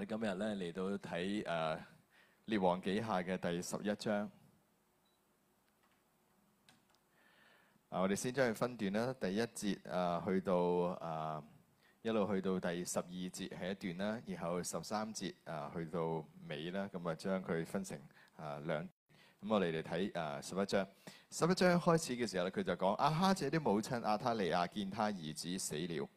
我哋今日咧嚟到睇《誒、呃、列王紀下》嘅第十一章啊！我哋先將佢分段啦，第一節啊，去到啊一路去到第十二節係一段啦，然後十三節啊去到尾啦，咁啊將佢分成啊兩咁、啊。我哋嚟睇誒十一章，十一章開始嘅時候咧，佢就講阿、啊、哈謝啲母親亞他利雅見他兒子死了，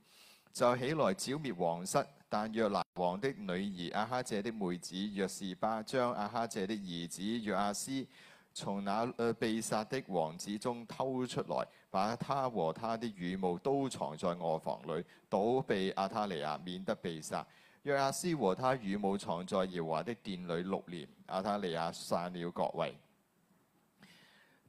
就起來剿滅王室，但約。王的女兒阿哈姐的妹子若是巴將阿哈姐的兒子約阿斯從那、呃、被殺的王子中偷出來，把他和他的乳母都藏在卧房裏，躲避阿塔利亞，免得被殺。約阿斯和他乳母藏在耶和華的殿裏六年。阿塔利亞散了各位。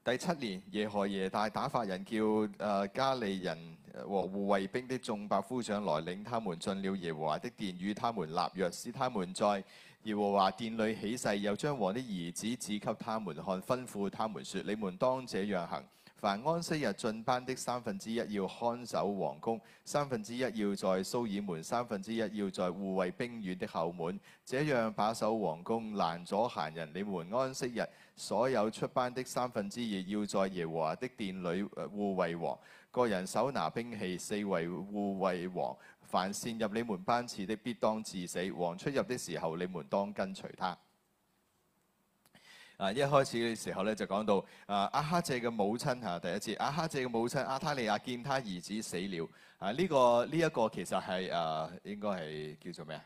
第七年，耶何耶大打發人叫誒、呃、迦利人和護衛兵的眾百夫長，來領他們進了耶和華的殿，與他們立約，使他們在耶和華殿裏起誓，又將王的兒子指給他們看，吩咐他們說，你們當這樣行。凡安息日進班的三分之一要看守王宮，三分之一要在蘇爾門，三分之一要在護衛兵院的後門。這樣把守王宮攔阻閒人。你們安息日所有出班的三分之二要在耶和華的殿裏護衛王，個人手拿兵器，四圍護衛王。凡擅入你們班次的必當致死。王出入的時候，你們當跟隨他。啊！一開始嘅時候咧就講到啊，亞哈謝嘅母親嚇、啊，第一次，阿、啊、哈謝嘅母親阿、啊、他利亞見他兒子死了啊！呢、這個呢一、這個其實係誒、啊、應該係叫做咩啊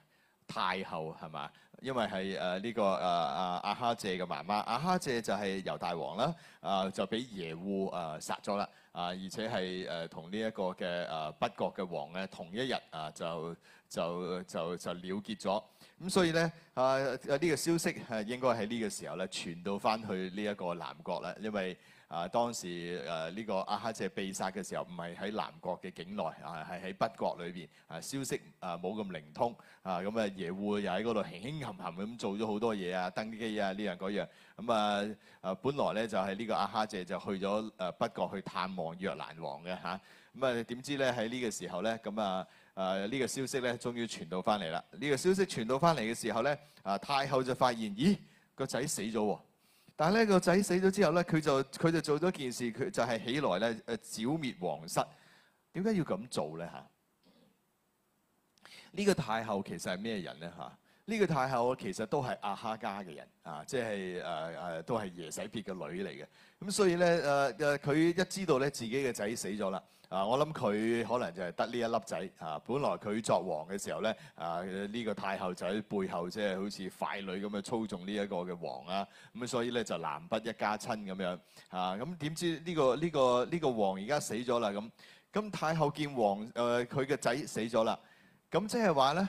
太后係嘛？因為係誒呢個誒阿阿哈謝嘅媽媽，阿哈謝就係猶大王啦，啊、呃、就俾耶戶誒殺咗啦，啊、呃、而且係誒同呢一個嘅誒、呃、北國嘅王咧同一日啊、呃、就就就就了結咗，咁所以咧啊呢、呃這個消息係應該喺呢個時候咧傳到翻去呢一個南國啦，因為。啊，當時誒呢個阿哈謝被殺嘅時候，唔係喺南國嘅境內，係喺北國裏邊。啊，消息啊冇咁靈通。啊，咁啊耶戶又喺嗰度輕輕冚冚咁做咗好多嘢啊，登基啊呢樣嗰樣。咁啊啊，本來咧就係、是、呢個阿哈謝就去咗誒、啊、北國去探望若蘭王嘅嚇。咁啊點、啊、知咧喺呢個時候咧，咁啊啊呢、這個消息咧終於傳到返嚟啦。呢、這個消息傳到返嚟嘅時候咧，啊太后就發現，咦個仔死咗喎、啊。但係呢個仔死咗之後咧，佢就佢就做咗一件事，佢就係起來咧誒、啊、剿滅皇室。點解要咁做咧嚇？呢、啊呢個太后其實係咩人咧嚇？呢、啊呢個太后其實都係阿哈家嘅人啊，即係誒誒都係耶洗別嘅女嚟嘅。咁、啊、所以咧誒誒，佢、啊啊啊、一知道咧自己嘅仔死咗啦。啊！我諗佢可能就係得呢一粒仔啊！本來佢作王嘅時候咧，啊呢、啊呢個太后就喺背後即係好似傀儡咁去操縱呢一個嘅王啊！咁、啊、所以咧就南北一家親咁樣啊！咁、啊、點知呢、呢個呢、呢個呢、呢個王而家死咗啦。咁咁太后見王誒佢嘅仔死咗啦，咁即係話咧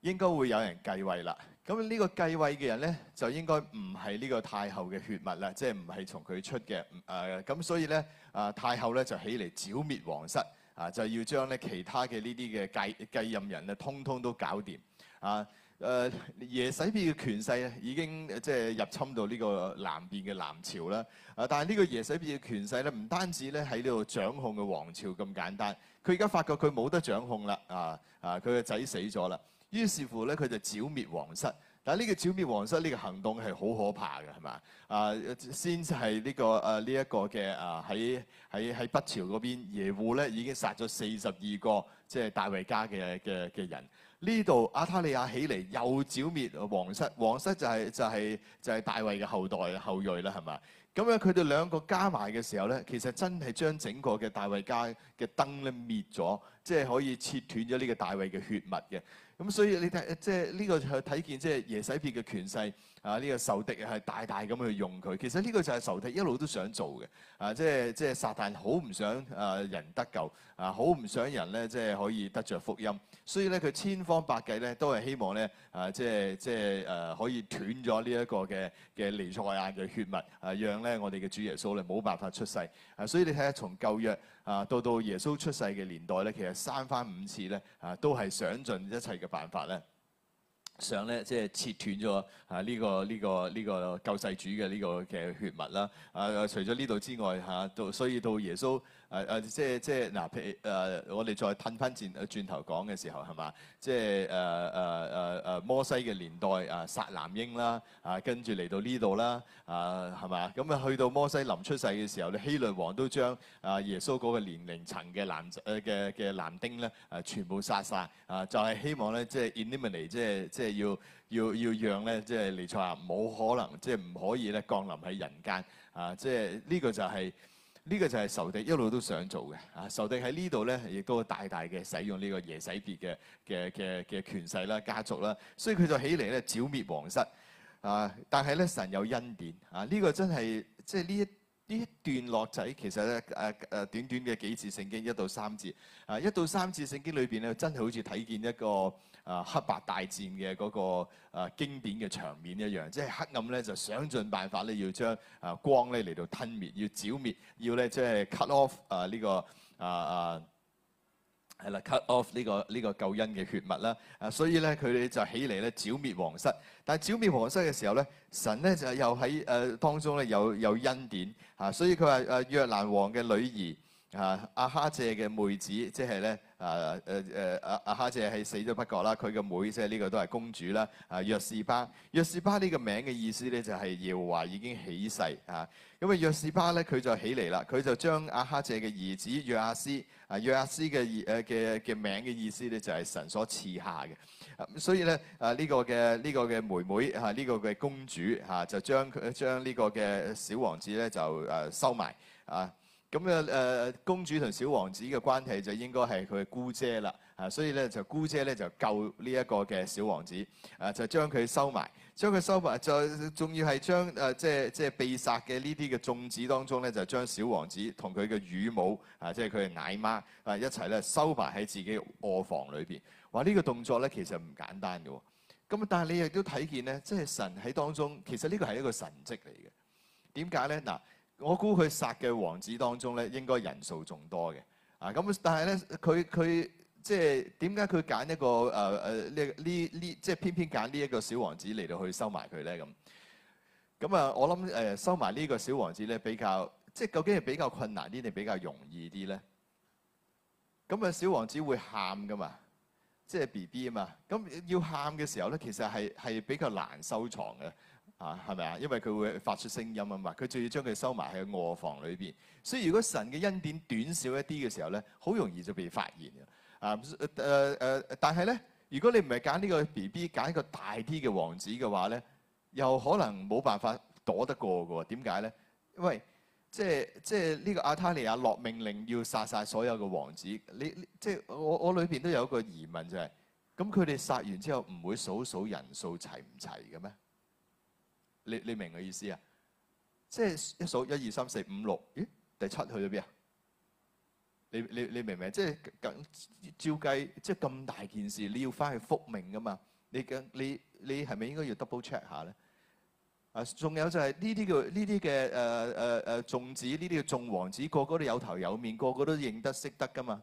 應該會有人繼位啦。咁呢個繼位嘅人咧，就應該唔係呢個太后嘅血脈啦，即係唔係從佢出嘅。誒、呃，咁所以咧，啊、呃、太后咧就起嚟剿滅皇室，啊就要將咧其他嘅呢啲嘅繼繼任人咧，通通都搞掂。啊，誒、呃、耶洗變耶洗別嘅權勢已經即係入侵到呢個南邊嘅南朝啦。啊，但係呢個耶洗別嘅權勢咧，唔單止咧喺呢度掌控嘅皇朝咁簡單，佢而家發覺佢冇得掌控啦。啊啊，佢個仔死咗啦。於是乎咧，佢就剿滅皇室。但係呢個剿滅皇室呢個行動係好可怕嘅，係嘛？啊，先係呢個啊呢一個嘅啊喺喺喺北朝嗰邊，耶戶咧已經殺咗四十二個即係大衛家嘅嘅嘅人。呢度亞他利亞起嚟又剿滅皇室，皇室就係就係就係大衛嘅後代後裔啦，係嘛？咁樣佢哋兩個加埋嘅時候咧，其實真係將整個嘅大衛家嘅燈咧滅咗，即係可以切斷咗呢個大衛嘅血脈嘅。咁所以你睇，即係呢個係睇見，即係耶洗別嘅權勢啊！呢個仇敵係大大咁去用佢。其實呢個就係仇敵一路都想做嘅啊！即係即係撒旦好唔想啊人得救啊，好唔想人咧即係可以得着福音。所以咧，佢千方百計咧，都係希望咧啊！即係即係誒，可以斷咗呢一個嘅嘅彌賽亞嘅血脈，啊，讓咧我哋嘅主耶穌咧冇辦法出世啊！所以你睇下從舊約。啊，到到耶穌出世嘅年代咧，其實三番五次咧，啊都係想盡一切嘅辦法咧，想咧即係切斷咗啊呢個呢個呢個救世主嘅呢個嘅血脈啦。啊，除咗呢度之外，嚇到所以到耶穌。誒誒，即係即係嗱，譬如誒，我哋再褪翻轉轉頭講嘅時候，係嘛？即係誒誒誒誒摩西嘅年代啊，殺男嬰啦，啊跟住嚟到呢度啦，啊係嘛？咁啊去到摩西臨出世嘅時候，希律王都將啊耶穌嗰個年齡層嘅男嘅嘅男丁咧，誒全部殺曬啊！就係希望咧，即係 eliminate，即係即係要要要讓咧，即係彌賽亞冇可能，即係唔可以咧降臨喺人間啊！即係呢個就係。呢個就係仇敵一路都想做嘅啊！仇敵喺呢度咧，亦都大大嘅使用呢個耶洗別嘅嘅嘅嘅權勢啦、家族啦，所以佢就起嚟咧剿滅王室啊！但係咧神有恩典啊！呢個真係即係呢一呢一段落仔，其實咧誒誒短短嘅幾次聖經一到三次。啊，一到三次聖經裏邊咧，真係好似睇見一個，啊、呃，黑白大戰嘅嗰、那個啊、呃、經典嘅場面一樣，即係黑暗咧，就想盡辦法咧，要將啊光咧嚟到吞滅，要剿滅，要咧即係 cut off 啊呢、這個啊啊係啦，cut off 呢、這個呢、這個救恩嘅血脈啦。啊，所以咧佢哋就起嚟咧剿滅皇室，但係剿滅皇室嘅時候咧，神咧就又喺誒、呃、當中咧有有恩典嚇、啊，所以佢話誒約蘭王嘅女兒。啊！阿哈謝嘅妹子，即係咧、呃呃、啊！誒誒阿阿哈謝係死咗不覺啦。佢嘅妹即係呢個都係公主啦。啊，約示巴，約示巴呢個名嘅意思咧就係耶和華已經起誓啊。因為約示巴咧，佢就起嚟啦。佢就將阿、啊、哈謝嘅兒子約亞、啊、斯，啊約亞、啊、斯嘅嘅嘅名嘅意思咧就係神所賜下嘅、啊。所以咧啊呢、這個嘅呢、這個嘅妹妹啊呢、這個嘅公主啊就將佢將呢個嘅小王子咧就誒收埋啊。咁嘅誒公主同小王子嘅關係就應該係佢嘅姑姐啦，啊，所以咧就姑姐咧就救呢一個嘅小王子，啊就將佢收埋，將佢收埋，再仲要係將誒即係即係被殺嘅呢啲嘅眾子當中咧，就將小王子同佢嘅乳母啊，即係佢嘅奶媽啊一齊咧收埋喺自己臥房裏邊。哇！呢個動作咧其實唔簡單嘅，咁啊但係你亦都睇見咧，即係神喺當中，其實呢個係一個神跡嚟嘅。點解咧？嗱？我估佢殺嘅王子當中咧，應該人數仲多嘅。啊，咁但係咧，佢佢即係點解佢揀一個誒誒呢呢呢？即係偏偏揀呢一個小王子嚟到去收埋佢咧咁。咁啊，我諗誒、呃、收埋呢個小王子咧比較，即係究竟係比較困難啲定比較容易啲咧？咁啊，小王子會喊㗎嘛？即係 B B 啊嘛？咁要喊嘅時候咧，其實係係比較難收藏嘅。啊，係咪啊？因為佢會發出聲音啊嘛，佢仲要將佢收埋喺臥房裏邊。所以如果神嘅恩典短少一啲嘅時候咧，好容易就被發現啊。誒、呃、誒、呃，但係咧，如果你唔係揀呢個 B B，揀一個大啲嘅王子嘅話咧，又可能冇辦法躲得過嘅。點解咧？因為即係即係呢、這個亞他利亞落命令要殺晒所有嘅王子。你即係我我裏邊都有一個疑問就係、是：咁佢哋殺完之後唔會數一數人數齊唔齊嘅咩？你你明我意思啊？即係一數一二三四五六，咦？第七去咗邊啊？你你你明唔明？即係咁照計，即係咁大件事，你要翻去復命噶嘛？你你你你係咪應該要 double check 下咧？啊，仲有就係呢啲叫呢啲嘅誒誒誒眾子，呢啲叫眾王子，個個都有頭有面，個個都認得識得噶嘛？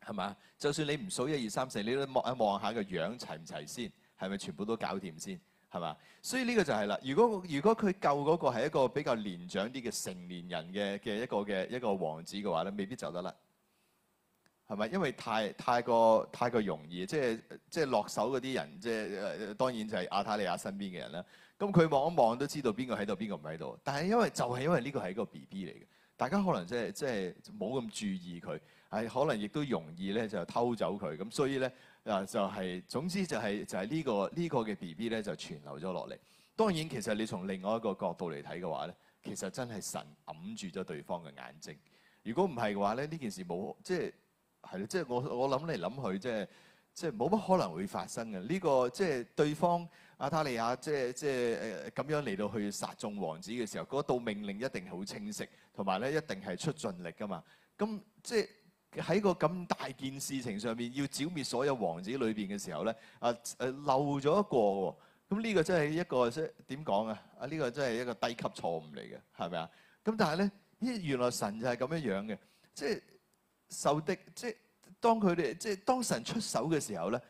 係嘛？就算你唔數一二三四，你都望一望下個樣齊唔齊先，係咪全部都搞掂先？係嘛？所以呢個就係、是、啦。如果如果佢救嗰個係一個比較年長啲嘅成年人嘅嘅一個嘅一，一個王子嘅話咧，未必走得甩。係咪？因為太太過太過容易，即係即係落手嗰啲人，即係當然就係阿塔利亞身邊嘅人啦。咁佢望一望都知道邊個喺度，邊個唔喺度。但係因為就係、是、因為呢個係一個 BB 嚟嘅，大家可能即係即係冇咁注意佢，係可能亦都容易咧就偷走佢咁，所以咧。嗱、啊、就係、是，總之就係、是、就係、是這個這個、呢個呢個嘅 B B 咧就傳留咗落嚟。當然其實你從另外一個角度嚟睇嘅話咧，其實真係神揞住咗對方嘅眼睛。如果唔係嘅話咧，呢件事冇即係係咯，即係我我諗嚟諗去即係即係冇乜可能會發生嘅。呢、這個即係對方亞他利雅即係即係誒咁樣嚟到去殺眾王子嘅時候，嗰道命令一定好清晰，同埋咧一定係出盡力㗎嘛。咁即係。喺個咁大件事情上面，要剿滅所有王子裏邊嘅時候咧，啊誒、呃、漏咗一個喎、哦，咁、這、呢個真係一個即係點講啊？啊、這、呢個真係一個低級錯誤嚟嘅，係咪啊？咁但係咧，咦原來神就係咁樣樣嘅，即係受敵，即係當佢哋即係當神出手嘅時候咧，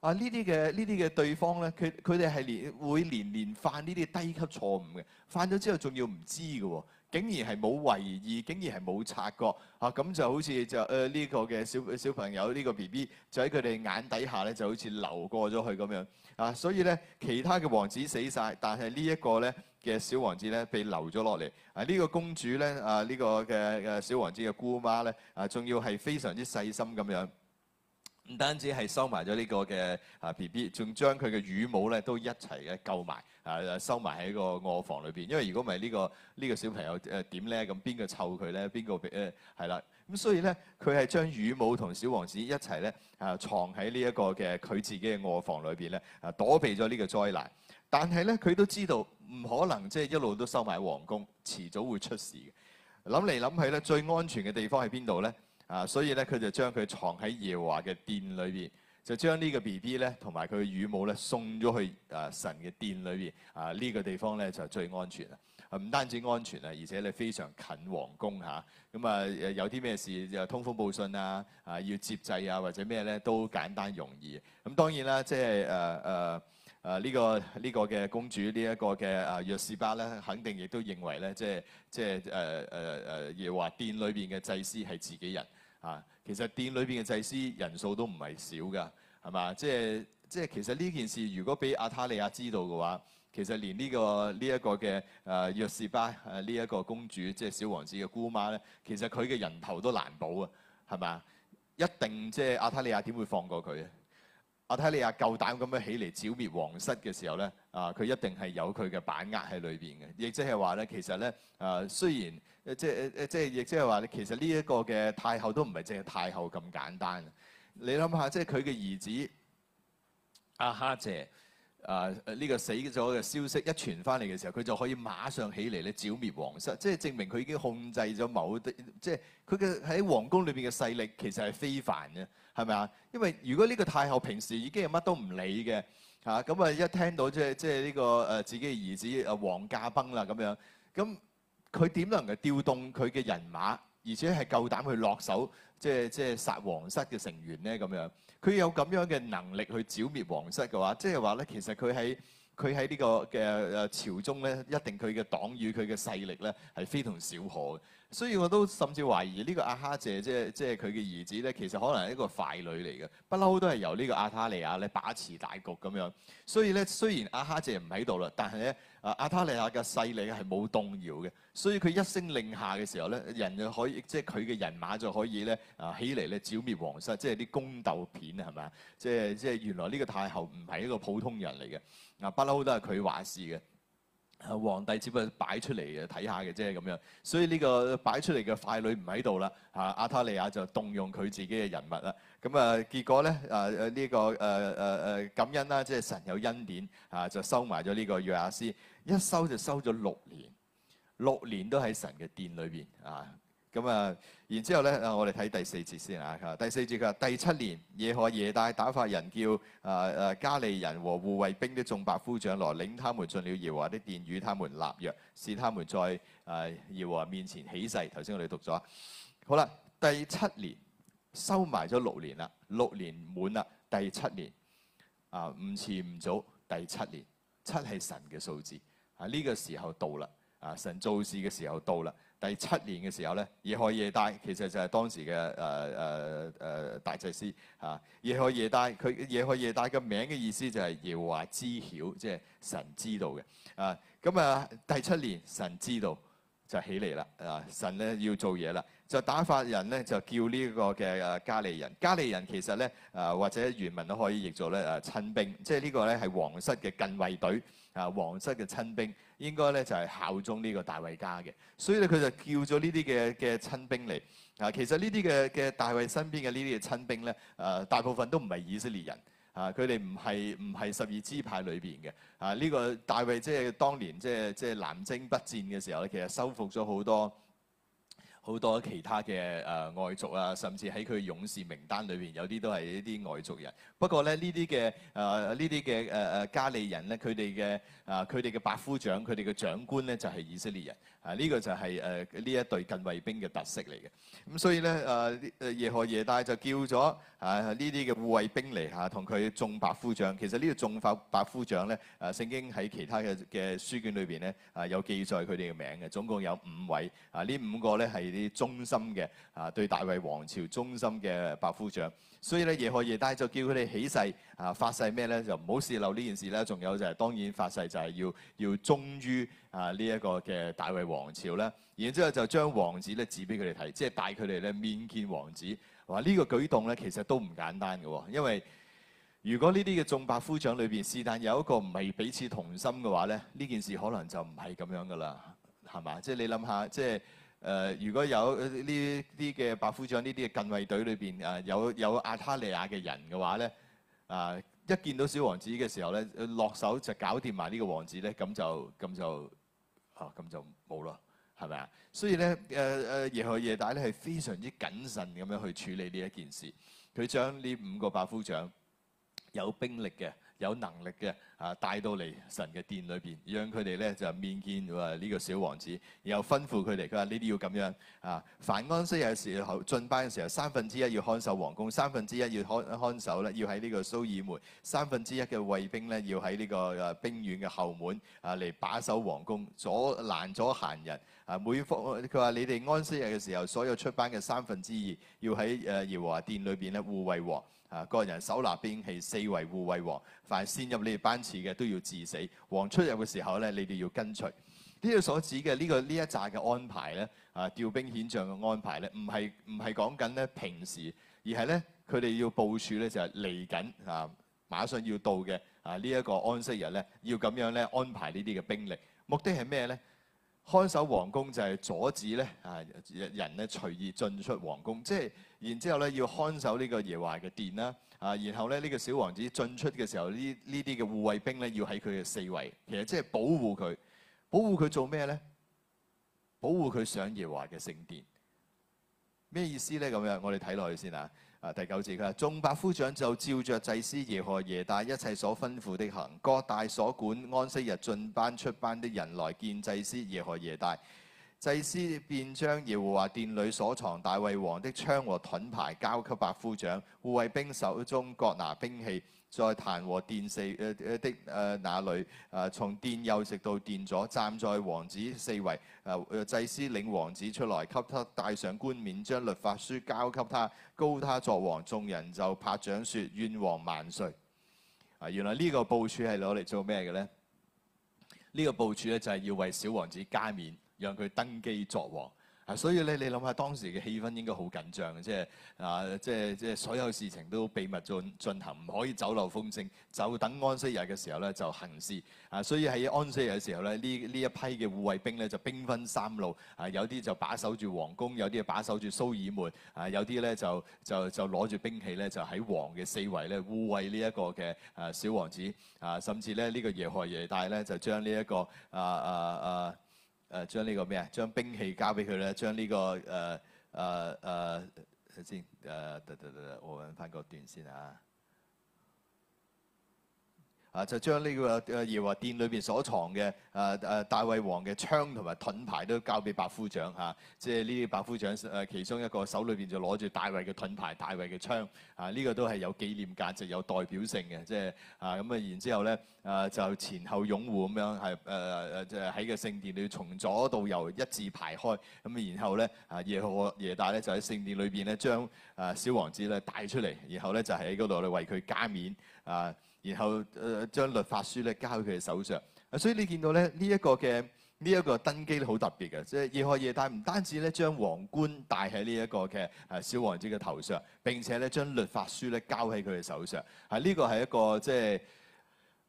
啊呢啲嘅呢啲嘅對方咧，佢佢哋係連會連連犯呢啲低級錯誤嘅，犯咗之後仲要唔知嘅喎、哦。竟然係冇為意，竟然係冇察覺，啊咁就好似就誒呢、呃這個嘅小小朋友呢、這個 B B，就喺佢哋眼底下咧，就好似流過咗去咁樣啊！所以咧，其他嘅王子死晒，但係呢一個咧嘅小王子咧被留咗落嚟啊！呢、這個公主咧啊，呢、這個嘅嘅小王子嘅姑媽咧啊，仲要係非常之細心咁樣，唔單止係收埋咗呢個嘅啊 B B，仲將佢嘅乳母咧都一齊嘅救埋。啊！收埋喺個臥房裏邊，因為如果唔係呢個呢呢個小朋友誒點咧，咁、呃、邊個湊佢咧？邊個誒係啦？咁、呃、所以咧，佢係將乳母同小王子一齊咧啊藏喺呢一個嘅佢自己嘅臥房裏邊咧，躲避咗呢個災難。但係咧，佢都知道唔可能即係一路都收埋喺皇宮，遲早會出事嘅。諗嚟諗去咧，最安全嘅地方喺邊度咧？啊，所以咧，佢就將佢藏喺耶和華嘅殿裏邊。就將呢個 B B 咧，同埋佢嘅乳母咧，送咗去、呃、神啊神嘅殿裏邊啊呢個地方咧就最安全啦。唔、啊、單止安全啊，而且咧非常近皇宮嚇。咁啊,啊有啲咩事又通風報信啊，啊要接濟啊或者咩咧都簡單容易。咁當然啦，即係誒誒誒呢個呢、這個嘅公主、這個啊、呢一個嘅啊約示巴咧，肯定亦都認為咧，即係即係誒誒誒，亦、呃、話、呃呃、殿裏邊嘅祭司係自己人。啊，其實殿裏邊嘅祭司人數都唔係少噶，係嘛？即係即係其實呢件事，如果俾阿塔莉亞知道嘅話，其實連呢、這個呢一、這個嘅誒約示巴誒呢一個公主，即係小王子嘅姑媽咧，其實佢嘅人頭都難保啊，係嘛？一定即係阿塔莉亞點會放過佢啊？阿塔莉亞夠膽咁樣起嚟剿滅皇室嘅時候咧，啊、呃、佢一定係有佢嘅把握喺裏邊嘅，亦即係話咧，其實咧誒、呃、雖然。誒即係誒誒即係亦即係話，其實呢一個嘅太后都唔係淨係太后咁簡單。你諗下，即係佢嘅兒子亞哈謝啊，呢、呃這個死咗嘅消息一傳翻嚟嘅時候，佢就可以馬上起嚟咧剿滅皇室，即係證明佢已經控制咗某啲，即係佢嘅喺皇宮裏邊嘅勢力其實係非凡嘅，係咪啊？因為如果呢個太后平時已經係乜都唔理嘅嚇，咁啊一聽到即係即係呢個誒自己嘅兒子啊皇家崩啦咁樣咁。佢點能夠調動佢嘅人馬，而且係夠膽去落手，即係即係殺皇室嘅成員呢？咁樣，佢有咁樣嘅能力去剿滅皇室嘅話，即係話咧，其實佢喺佢喺呢個嘅誒朝中咧，一定佢嘅黨羽、佢嘅勢力咧，係非同小可嘅。所以我都甚至懷疑呢個阿哈謝即係即係佢嘅兒子咧，其實可能係一個傀儡嚟嘅，不嬲都係由呢個阿塔利亞咧把持大局咁樣。所以咧，雖然阿哈謝唔喺度啦，但係咧，阿塔利亞嘅勢力係冇動搖嘅。所以佢一聲令下嘅時候咧，人就可以，即係佢嘅人馬就可以咧啊起嚟咧剿滅皇室，即係啲宮鬥片係咪？即係即係原來呢個太后唔係一個普通人嚟嘅，嗱不嬲都係佢話事嘅。皇帝只不過擺出嚟嘅睇下嘅啫咁樣，所以呢個擺出嚟嘅傀儡唔喺度啦。啊，阿塔利亞就動用佢自己嘅人物啦。咁啊，結果咧，啊、這個、啊呢個誒誒誒感恩啦，即係神有恩典，啊就收埋咗呢個約亞斯，一收就收咗六年，六年都喺神嘅殿裏邊啊。咁啊，然之後咧，啊，我哋睇第四節先嚇。第四節佢話：第七年耶何耶大打發人叫啊啊迦利人和護衛兵的眾百夫長來，領他們進了耶和華的殿，與他們立約，使他們在啊耶和華面前起誓。頭先我哋讀咗，好啦，第七年收埋咗六年啦，六年滿啦，第七年啊，唔遲唔早，第七年，七係神嘅數字啊，呢、這個時候到啦，啊，神做事嘅時候到啦。第七年嘅時候咧，耶何耶大其實就係當時嘅誒誒誒大祭司啊。耶何耶大佢，耶何耶大嘅名嘅意思就係耶和華知曉，即係神知道嘅啊。咁啊，第七年神知道就起嚟啦啊！神咧要做嘢啦，就打發人咧就叫呢個嘅迦利人。迦利人其實咧啊，或者原文都可以譯做咧啊親兵，即係呢個咧係皇室嘅近衛隊。啊，王室嘅親兵應該咧就係效忠呢個大衛家嘅，所以咧佢就叫咗呢啲嘅嘅親兵嚟。啊，其實呢啲嘅嘅大衛身邊嘅呢啲嘅親兵咧，啊大部分都唔係以色列人，啊佢哋唔係唔係十二支派裏邊嘅。啊、這、呢個大衛即係當年即係即係南征北戰嘅時候咧，其實收復咗好多。好多其他嘅誒外族啊，甚至喺佢勇士名單裏邊有啲都係呢啲外族人。不過咧呢啲嘅誒呢啲嘅誒誒加利人咧，佢哋嘅啊佢哋嘅百夫長，佢哋嘅長官咧就係以色列人啊。呢、這個就係誒呢一隊近衛兵嘅特色嚟嘅。咁所以咧誒耶何耶大就叫咗啊呢啲嘅護衛兵嚟嚇同佢種百夫長。其實呢個種法百夫長咧誒、啊、聖經喺其他嘅嘅書卷裏邊咧啊有記載佢哋嘅名嘅，總共有五位啊呢五個咧係啲忠心嘅啊，對大衛王朝忠心嘅百夫長，所以咧耶何耶大就叫佢哋起誓啊，發誓咩咧就唔好泄漏呢件事咧。仲有就係、是、當然發誓就係要要忠於啊呢一、這個嘅大衛王朝咧。然之後就將王子咧指俾佢哋睇，即係帶佢哋咧面見王子。哇！呢個舉動咧其實都唔簡單嘅，因為如果呢啲嘅眾百夫長裏邊是但有一個唔係彼此同心嘅話咧，呢件事可能就唔係咁樣噶啦，係嘛？即係你諗下，即係。誒、呃、如果有呢啲嘅百夫長呢啲嘅近衛隊裏邊，誒有有亞他利亞嘅人嘅話咧，啊、呃、一見到小王子嘅時候咧，落手就搞掂埋呢個王子咧，咁就咁就啊咁就冇咯，係咪啊？所以咧誒誒耶何耶大咧係非常之謹慎咁樣去處理呢一件事，佢將呢五個百夫長有兵力嘅。有能力嘅啊，帶到嚟神嘅殿裏邊，讓佢哋咧就面見話呢個小王子，然後吩咐佢哋，佢話你哋要咁樣啊。凡安息日嘅時候進班嘅時候，三分之一要看守皇宮，三分之一要看看守咧，要喺呢個蘇爾門，三分之一嘅衛兵咧要喺呢個誒兵院嘅後門啊嚟把守皇宮，阻攔咗閒人啊。每科佢話你哋安息日嘅時候，所有出班嘅三分之二要喺誒耶和華殿裏邊咧護衛王。啊！個人手拿兵器，四圍護衛王，凡擅入你哋班次嘅都要致死。王出入嘅時候咧，你哋要跟隨。呢個所指嘅呢個呢一紮嘅安排咧，啊調兵遣將嘅安排咧，唔係唔係講緊咧平時，而係咧佢哋要部署咧就係嚟緊啊，馬上要到嘅啊呢一個安息日咧，要咁樣咧安排呢啲嘅兵力，目的係咩咧？看守王宮就係阻止咧啊人咧隨意進出王宮，即係然之後咧要看守呢個耶和華嘅殿啦啊，然後咧呢個小王子進出嘅時候，呢呢啲嘅護衛兵咧要喺佢嘅四圍，其實即係保護佢，保護佢做咩咧？保護佢上耶和華嘅聖殿。咩意思咧？咁樣我哋睇落去先啊。啊！第九節啦，眾百夫長就照着祭司耶何耶大一切所吩咐的行，各帶所管安息日進班出班的人來見祭司耶何耶大，祭司便將耶和華殿裏所藏大衛王的槍和盾牌交給百夫長，護衛兵手中各拿兵器。在壇和殿四誒，誒，的誒，那裏誒，從殿右直到殿左，站在王子四圍誒、呃、祭司領王子出來，給他戴上冠冕，將律法書交給他，膏他作王，眾人就拍掌說，願王萬歲啊。原來呢個部署係攞嚟做咩嘅咧？呢、呢個部署咧就係、是、要為小王子加冕，讓佢登基作王。啊，所以咧，你諗下當時嘅氣氛應該好緊張嘅，即係啊，即係即係所有事情都秘密進進行，唔可以走漏風聲，就等安息日嘅時候咧就行事。啊，所以喺安息日嘅時候咧，呢呢一批嘅護衛兵咧就兵分三路，啊，有啲就把守住皇宮，有啲就把守住蘇爾門，啊，有啲咧就就就攞住兵器咧就喺王嘅四圍咧護衛呢一個嘅啊小王子，啊，甚至咧呢個耶何耶大咧就將呢一個啊啊啊～啊啊誒，將呢個咩啊？將兵器交俾佢咧，將呢、這個誒誒誒，先誒得得得得。我揾翻個段先啊！啊！就將呢個耶和華殿裏邊所藏嘅啊啊大衛王嘅槍同埋盾牌都交俾百夫長嚇，即係呢啲百夫長誒、啊、其中一個手裏邊就攞住大衛嘅盾牌，大衛嘅槍，啊呢、這個都係有紀念價值，有代表性嘅，即、就、係、是、啊咁啊然之後咧啊就前後擁護咁樣係誒誒即係喺個聖殿裏，從左到右一字排開，咁、啊、然後咧啊耶何耶大咧就喺聖殿裏邊咧將啊小王子咧帶出嚟，然後咧就喺嗰度咧為佢加冕啊。啊然後誒將律法書咧交喺佢嘅手上，啊，所以你見到咧呢一個嘅呢一個登基咧好特別嘅，即係耶何耶大唔單止咧將皇冠戴喺呢一個嘅誒小王子嘅頭上，並且咧將律法書咧交喺佢嘅手上，啊，呢個係一個即係，就是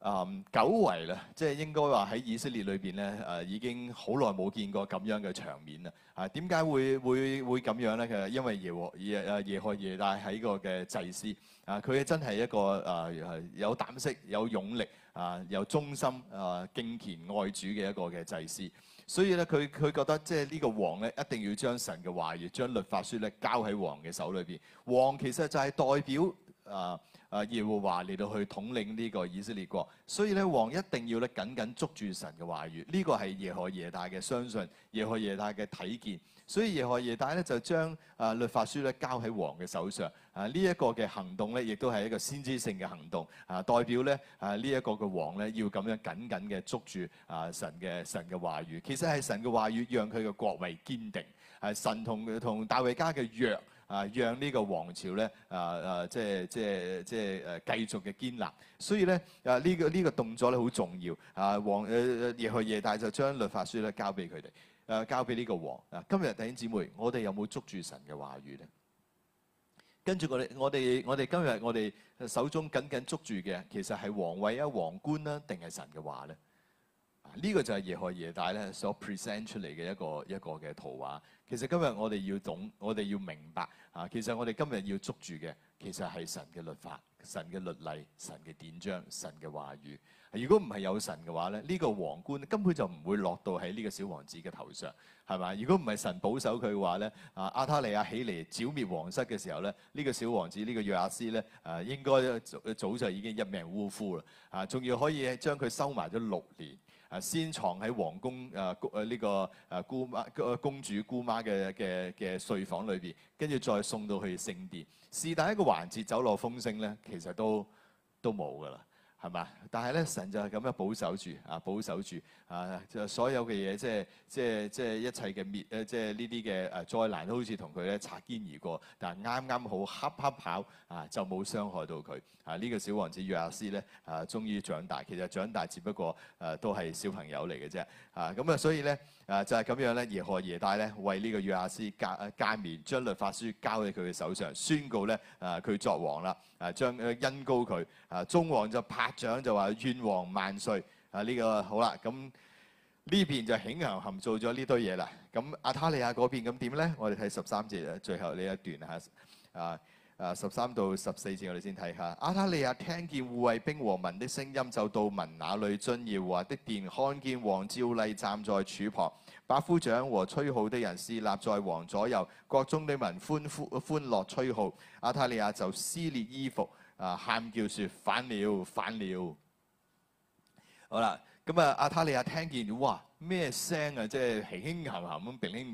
啊，um, 久違啦！即係應該話喺以色列裏邊咧，誒、呃、已經好耐冇見過咁樣嘅場面啦。啊，點解會會會咁樣咧？其實因為耶和耶誒耶何耶大係一個嘅祭司啊，佢真係一個誒誒、呃、有膽識、有勇力啊、有忠心啊、敬虔愛主嘅一個嘅祭司。所以咧，佢佢覺得即係呢個王咧，一定要將神嘅話語、將律法書咧交喺王嘅手裏邊。王其實就係代表啊。呃啊，耶和華嚟到去統領呢個以色列國，所以咧，王一定要咧緊緊捉住神嘅話語，呢個係耶何耶大嘅相信，耶何耶大嘅睇見，所以耶何耶大咧就將啊律法書咧交喺王嘅手上，啊呢一個嘅行動咧亦都係一個先知性嘅行動，啊代表咧啊呢一個嘅王咧要咁樣緊緊嘅捉住啊神嘅神嘅話語，其實係神嘅話語讓佢嘅國位堅定，係神同同大衛家嘅約。啊，讓呢個皇朝咧，啊、呃、啊、呃，即係即係即係誒，繼續嘅堅立。所以咧，啊、這、呢個呢、這個動作咧，好重要。啊，王誒耶何耶大就將律法書咧交俾佢哋，誒、呃、交俾呢個王、啊。今日弟兄姊妹，我哋有冇捉住神嘅話語咧？跟住我哋，我哋，我哋今日，我哋手中緊緊捉住嘅，其實係王位啊、皇冠啦，定係神嘅話咧？呢個就係耶何耶大咧所 present 出嚟嘅一個一個嘅圖畫。其實今日我哋要懂，我哋要明白啊。其實我哋今日要捉住嘅，其實係神嘅律法、神嘅律例、神嘅典章、神嘅話語。啊、如果唔係有神嘅話咧，呢、這個皇冠根本就唔會落到喺呢個小王子嘅頭上，係咪？如果唔係神保守佢嘅話咧，啊，亞他利亞起嚟剿滅皇室嘅時候咧，呢、這個小王子呢、這個約阿斯咧啊，應該早就已經一命嗚呼啦啊，仲要可以將佢收埋咗六年。啊！先藏喺皇宮誒，誒、呃、呢、這個誒、呃、姑媽公主姑媽嘅嘅嘅睡房裏邊，跟住再送到去聖殿。是但一個環節走漏風聲咧，其實都都冇噶啦。係嘛？但係咧，神就係咁樣保守住，啊保守住，啊就所有嘅嘢，即係即係即係一切嘅滅，誒即係呢啲嘅誒災難都好似同佢咧擦肩而過，但係啱啱好恰恰跑，啊就冇傷害到佢。啊呢個小王子約阿施咧，啊終於長大。其實長大只不過誒，啊，都係小朋友嚟嘅啫。啊咁啊，所以咧。啊，就係咁樣咧，耶何耶大咧，為呢個約阿斯加啊加冕，將律法書交喺佢嘅手上，宣告咧啊，佢作王啦，啊，將恩膏佢，啊，中王就拍掌就話願王萬歲啊！呢個好啦，咁呢邊就慶幸含做咗呢堆嘢啦。咁阿塔利亞嗰邊咁點咧？我哋睇十三節最後呢一段嚇啊。啊，十三到十四節，我哋先睇下。亞他利亞聽見護衛兵和民的聲音，就到民那裏進耶和華的殿，看見王照例站在柱旁，百夫長和吹號的人侍立在王左右，國中的民歡呼歡樂吹號。亞他利亞就撕裂衣服，啊，喊叫説：反了，反了！好啦。咁啊，阿塔利亞聽見哇咩聲啊！即係輕輕行行咁 bling bling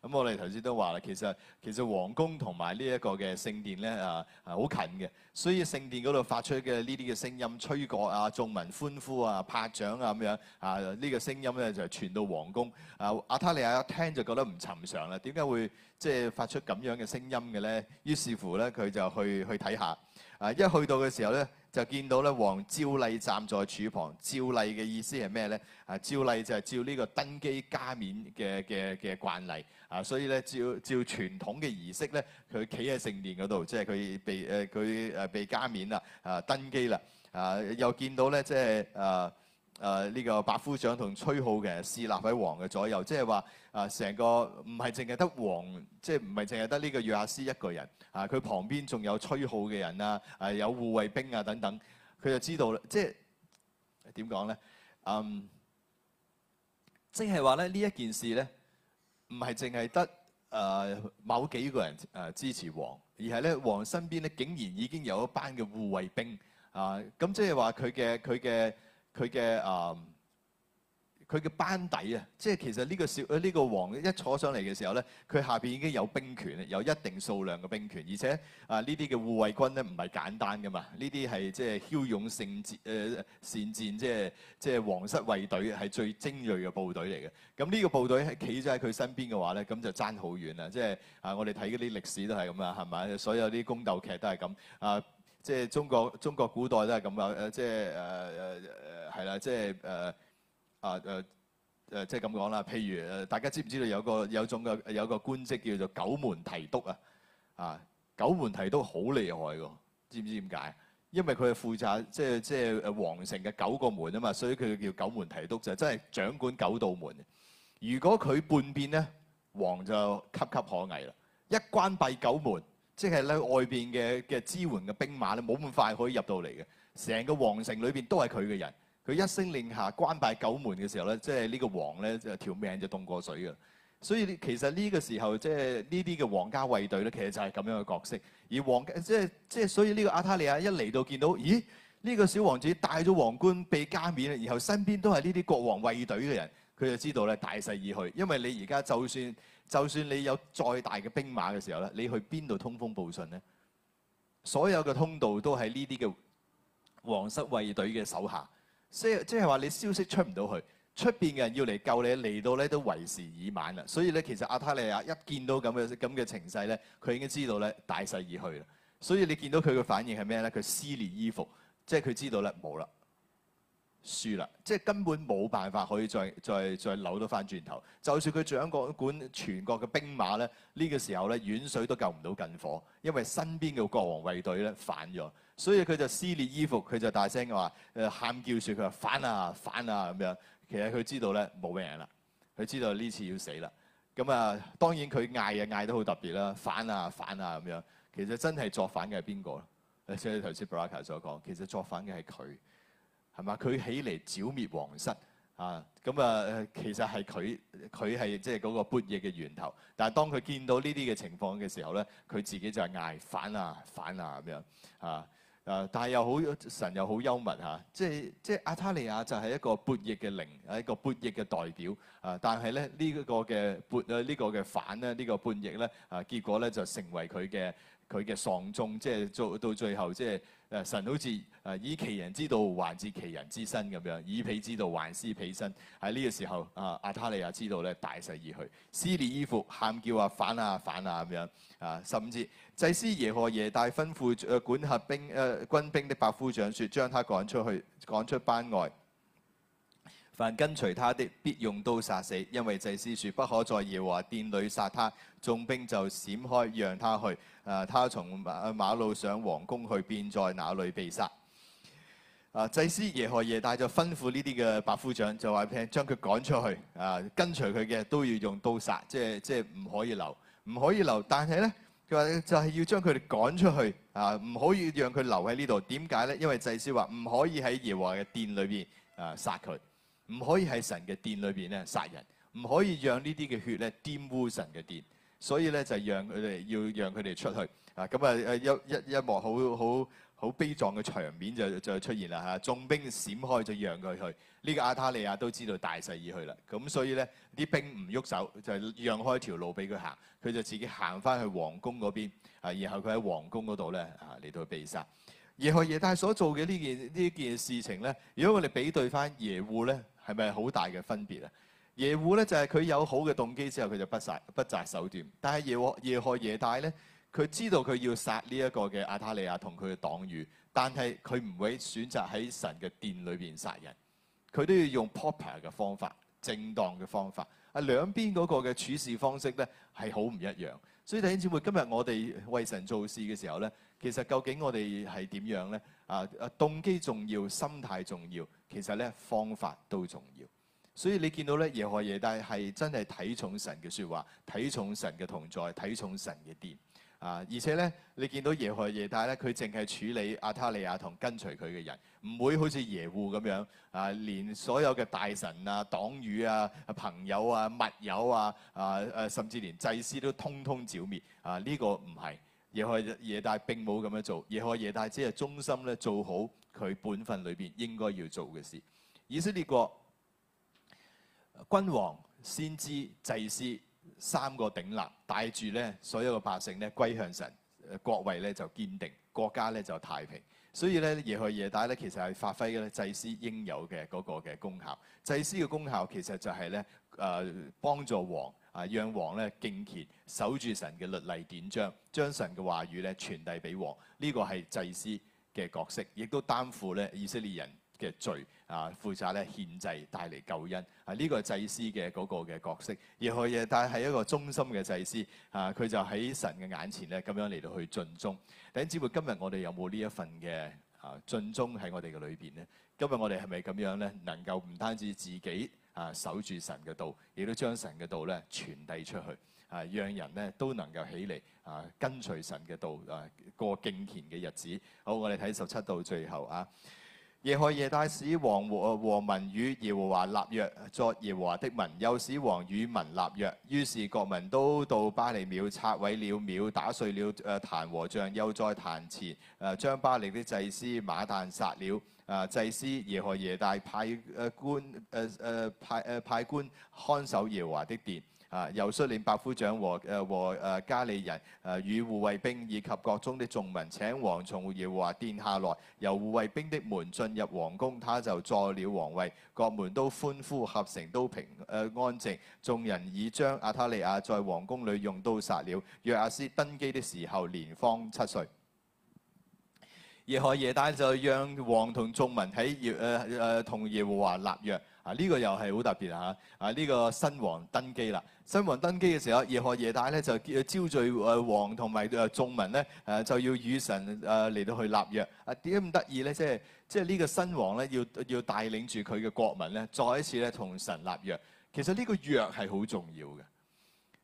咁。我哋頭先都話啦，其實其實王宮同埋呢一個嘅聖殿咧啊係好近嘅，所以聖殿嗰度發出嘅呢啲嘅聲音，吹角啊、眾民歡呼啊、拍掌啊咁樣啊，呢個聲音咧就傳到王宮。阿塔利亞一聽就覺得唔尋常啦。點解會即係發出咁樣嘅聲音嘅咧？於是乎咧，佢就去去睇下。啊，一去到嘅時候咧。就見到咧，王照例站在柱旁。照例嘅意思係咩咧？啊，照例就係照呢個登基加冕嘅嘅嘅慣例啊，所以咧，照照傳統嘅儀式咧，佢企喺聖殿嗰度，即係佢被誒佢誒被加冕啦，啊登基啦，啊又見到咧，即係啊。呃誒呢、呃這個百夫長同崔浩嘅侍立喺王嘅左右，即係話誒成個唔係淨係得王，即係唔係淨係得呢個約阿施一個人。啊，佢旁邊仲有崔浩嘅人啊，誒有護衛兵啊等等。佢就知道喇，即係點講咧？嗯，即係話咧呢一件事咧，唔係淨係得誒某幾個人誒支持王，而係咧王身邊咧竟然已經有一班嘅護衛兵啊。咁即係話佢嘅佢嘅。佢嘅誒，佢嘅、呃、班底啊，即係其實呢個小呢、呢個王一坐上嚟嘅時候咧，佢下邊已經有兵權，有一定數量嘅兵權，而且啊呢啲嘅護衛軍咧唔係簡單噶嘛，呢啲係即係驍勇善戰，誒、呃、善戰即係即係皇室衛隊係最精鋭嘅部隊嚟嘅。咁呢個部隊係企咗喺佢身邊嘅話咧，咁就爭好遠啦。即係啊、呃，我哋睇嗰啲歷史都係咁啊，係咪？所有啲宮鬥劇都係咁啊。呃呃即係中國中國古代都係咁樣，誒即係誒誒係啦，即係誒啊誒誒即係咁講啦。譬如大家知唔知道有個有種嘅有個官職叫做九門提督啊？啊，九門提督好厲害嘅，知唔知點解？因為佢係負責即係即係誒皇城嘅九個門啊嘛，所以佢叫九門提督就是、真係掌管九道門。如果佢叛變咧，皇就岌岌可危啦。一關閉九門。即係咧，外邊嘅嘅支援嘅兵馬咧，冇咁快可以入到嚟嘅，成個皇城裏邊都係佢嘅人。佢一聲令下關閉九門嘅時候咧，即係呢個王咧就條命就凍過水嘅。所以其實呢個時候即係呢啲嘅皇家衛隊咧，其實就係咁樣嘅角色。而王即係即係所以呢個阿塔莉亞一嚟到見到，咦？呢個小王子戴咗皇冠被加冕，然後身邊都係呢啲國王衛隊嘅人，佢就知道咧大勢已去，因為你而家就算。就算你有再大嘅兵馬嘅時候咧，你去邊度通風報信咧？所有嘅通道都喺呢啲嘅皇室衛隊嘅手下，所以即係話你消息出唔到去，出面嘅人要嚟救你嚟到咧都為時已晚啦。所以咧，其實亞他利雅一見到咁嘅咁嘅情勢咧，佢已經知道咧大勢已去啦。所以你見到佢嘅反應係咩咧？佢撕裂衣服，即係佢知道咧冇啦。輸啦，即係根本冇辦法可以再再再扭到翻轉頭。就算佢掌管管全國嘅兵馬咧，呢個時候咧遠水都救唔到近火，因為身邊嘅國王衛隊咧反咗，所以佢就撕裂衣服，佢就大聲嘅話誒，喊叫住佢話反啊反啊咁樣。其實佢知道咧冇咩命啦，佢知道呢次要死啦。咁啊，當然佢嗌啊嗌得好特別啦，反啊反啊咁樣。其實真係作反嘅係邊個咧？即係頭先布拉克所講，其實作反嘅係佢。係嘛？佢起嚟剿滅皇室啊！咁啊，其實係佢，佢係即係嗰個叛逆嘅源頭。但係當佢見到呢啲嘅情況嘅時候咧，佢自己就係嗌反啊，反啊咁樣啊啊！但係又好神又好幽默嚇、啊，即係即係亞他利雅就係一個叛逆嘅靈，係一個叛逆嘅代表啊！但係咧呢一、個嘅叛、呢個呢個、啊呢個嘅反咧呢個叛逆咧啊結果咧就成為佢嘅。佢嘅喪眾，即係做到最後，即係神好似以其人之道還治其人之身咁樣，以彼之道還施彼身。喺呢個時候，阿、啊、阿塔利亞知道咧大勢已去，撕裂衣服，喊叫啊反啊反啊咁樣。啊，十五祭司耶何耶大吩咐管轄兵、呃、軍兵的百夫長說：將他趕出去，趕出班外。凡跟隨他的，必用刀殺死，因為祭司說：不可在耶和華，殿裏殺他。眾兵就閃開，讓他去。啊！他從馬路上皇宮去，便在那裏被殺。啊！祭司耶何耶大就吩咐呢啲嘅百夫長就，就話：聽將佢趕出去。啊！跟隨佢嘅都要用刀殺，即係即係唔可以留，唔可以留。但係咧，佢話就係要將佢哋趕出去。啊！唔可以讓佢留喺呢度。點解咧？因為祭司話唔可以喺耶和華嘅殿裏邊啊殺佢，唔可以喺神嘅殿裏邊咧殺人，唔可以讓呢啲嘅血咧玷污神嘅殿。所以咧就讓佢哋要讓佢哋出去啊！咁啊一一一幕好好好悲壯嘅場面就就出現啦嚇，眾、啊、兵閃開就讓佢去。呢、這個阿塔利亞都知道大勢已去啦，咁、啊、所以咧啲兵唔喐手，就讓開條路俾佢行。佢就自己行翻去皇宮嗰邊啊，然後佢喺皇宮嗰度咧啊嚟、啊、到被殺。耶何耶大所做嘅呢件呢件事情咧，如果我哋比對翻耶戶咧，係咪好大嘅分別啊？耶戶咧就係佢有好嘅動機之後佢就不擇不擇手段，但係耶何耶何耶大咧，佢知道佢要殺呢一個嘅亞他利亞同佢嘅黨羽，但係佢唔會選擇喺神嘅殿裏邊殺人，佢都要用 proper 嘅方法，正當嘅方法。啊兩邊嗰個嘅處事方式咧係好唔一樣，所以弟兄姊妹今日我哋為神做事嘅時候咧，其實究竟我哋係點樣咧？啊啊動機重要，心態重要，其實咧方法都重要。所以你見到咧，耶何耶大係真係睇重神嘅説話，睇重神嘅同在，睇重神嘅殿啊！而且咧你見到耶何耶大咧，佢淨係處理亞他利雅同跟隨佢嘅人，唔會好似耶戶咁樣啊，連所有嘅大臣啊、黨羽啊、朋友啊、密友啊啊誒，甚至連祭司都通通剿滅啊！呢、這個唔係耶何耶大並冇咁樣做，耶何耶大只係忠心咧做好佢本分裏邊應該要做嘅事，以色列國。君王、先知、祭司三個鼎立，帶住咧所有嘅百姓咧歸向神，國位咧就堅定，國家咧就太平。所以咧，耶何耶大咧其實係發揮咧祭司應有嘅嗰個嘅功效。祭司嘅功效其實就係咧誒幫助王啊，讓王咧敬虔，守住神嘅律例典章，將神嘅話語咧傳遞俾王。呢個係祭司嘅角色，亦都擔負咧以色列人嘅罪。啊，負責咧獻祭，帶嚟救恩，啊呢個祭司嘅嗰個嘅角色，耶和華但係一個忠心嘅祭司，啊佢就喺神嘅眼前咧咁樣嚟到去盡忠。弟兄姊妹，今日我哋有冇呢一份嘅啊盡忠喺我哋嘅裏邊呢？今日我哋係咪咁樣咧，能夠唔單止自己啊守住神嘅道，亦都將神嘅道咧傳遞出去，啊讓人咧都能夠起嚟啊跟隨神嘅道啊過敬虔嘅日子。好，我哋睇十七到最後啊。耶何耶大使王和和民與耶和華立約，作耶和華的民。又使王與民立約。於是國民都到巴力廟拆毀了廟，打碎了誒、呃、壇和像，又在壇前誒將、呃、巴力的祭司馬旦殺了。誒、呃、祭司耶何耶大派誒官誒誒派誒、呃、派官看、呃呃、守耶和華的殿。啊！又率領百夫長和誒和誒、啊、加利人誒與護衛兵以及各中的眾民，請王從耶和華殿下來，由護衛兵的門進入王宮，他就坐了王位。各門都歡呼，合城都平誒、呃、安靜。眾人已將亞他利亞在王宮裏用刀殺了。約阿斯登基的時候年方七歲。耶海耶單就讓王同眾民喺耶誒誒同耶和華立約。啊，呢、這個又係好特別嚇！啊、呢、啊，這個新王登基啦。新王登基嘅時候，耶何耶大就召聚誒王同埋誒眾民咧，誒就要與、啊、神誒嚟、啊、到去立約。啊，點解咁得意咧？即係即係呢個新王咧，要要帶領住佢嘅國民咧，再一次咧同神立約。其實呢個約係好重要嘅。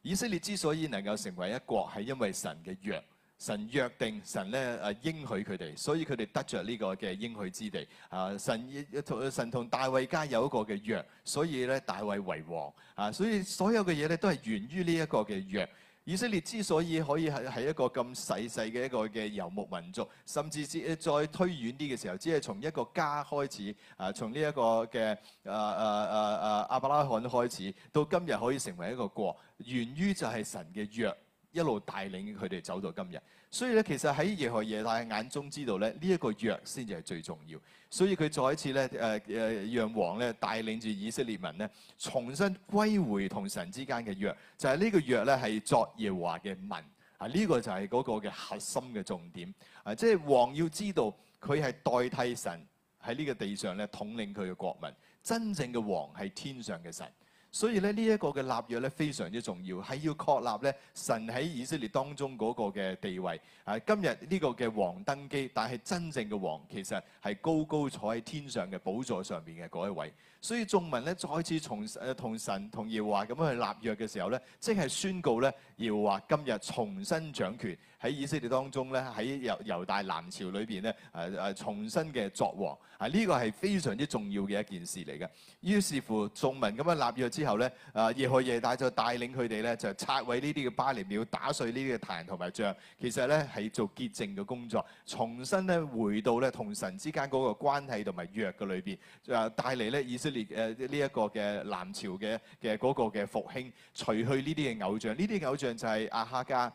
以色列之所以能夠成為一國，係因為神嘅約。神約定，神咧誒應許佢哋，所以佢哋得着呢個嘅應許之地。啊，神啊神同大衛家有一個嘅約，所以咧大衛為王。啊，所以所有嘅嘢咧都係源於呢一個嘅約。以色列之所以可以係係一個咁細細嘅一個嘅遊牧民族，甚至至再推遠啲嘅時候，只係從一個家開始，啊，從呢一個嘅誒誒誒誒亞伯拉罕開始，到今日可以成為一個國，源於就係神嘅約。一路帶領佢哋走到今日，所以咧其實喺耶和華嘅眼中知道咧呢一個約先至係最重要，所以佢再一次咧誒誒讓王咧帶領住以色列民咧重新歸回同神之間嘅約，就係呢個約咧係作耶和華嘅民啊，呢個就係嗰個嘅核心嘅重點啊，即係王要知道佢係代替神喺呢個地上咧統領佢嘅國民，真正嘅王係天上嘅神。所以咧呢一個嘅立約咧非常之重要，係要確立咧神喺以色列當中嗰個嘅地位。啊，今日呢個嘅王登基，但係真正嘅王其實係高高坐喺天上嘅寶座上面嘅嗰一位。所以眾民咧再次從誒、啊、同神同耶和華咁樣去立約嘅時候咧，即係宣告咧耶和華今日重新掌權。喺以色列當中咧，喺猶猶大南朝裏邊咧，誒、啊、誒、啊、重新嘅作王啊！呢、這個係非常之重要嘅一件事嚟嘅。於是乎眾民咁樣立約之後咧，啊，耶和華耶和就帶領佢哋咧，就拆毀呢啲嘅巴力廟，打碎呢啲嘅壇同埋像。其實咧係做潔淨嘅工作，重新咧回到咧同神之間嗰個關係同埋約嘅裏邊，誒帶嚟咧以色列誒呢一個嘅南朝嘅嘅嗰個嘅復興，除去呢啲嘅偶像。呢啲偶像就係亞哈家。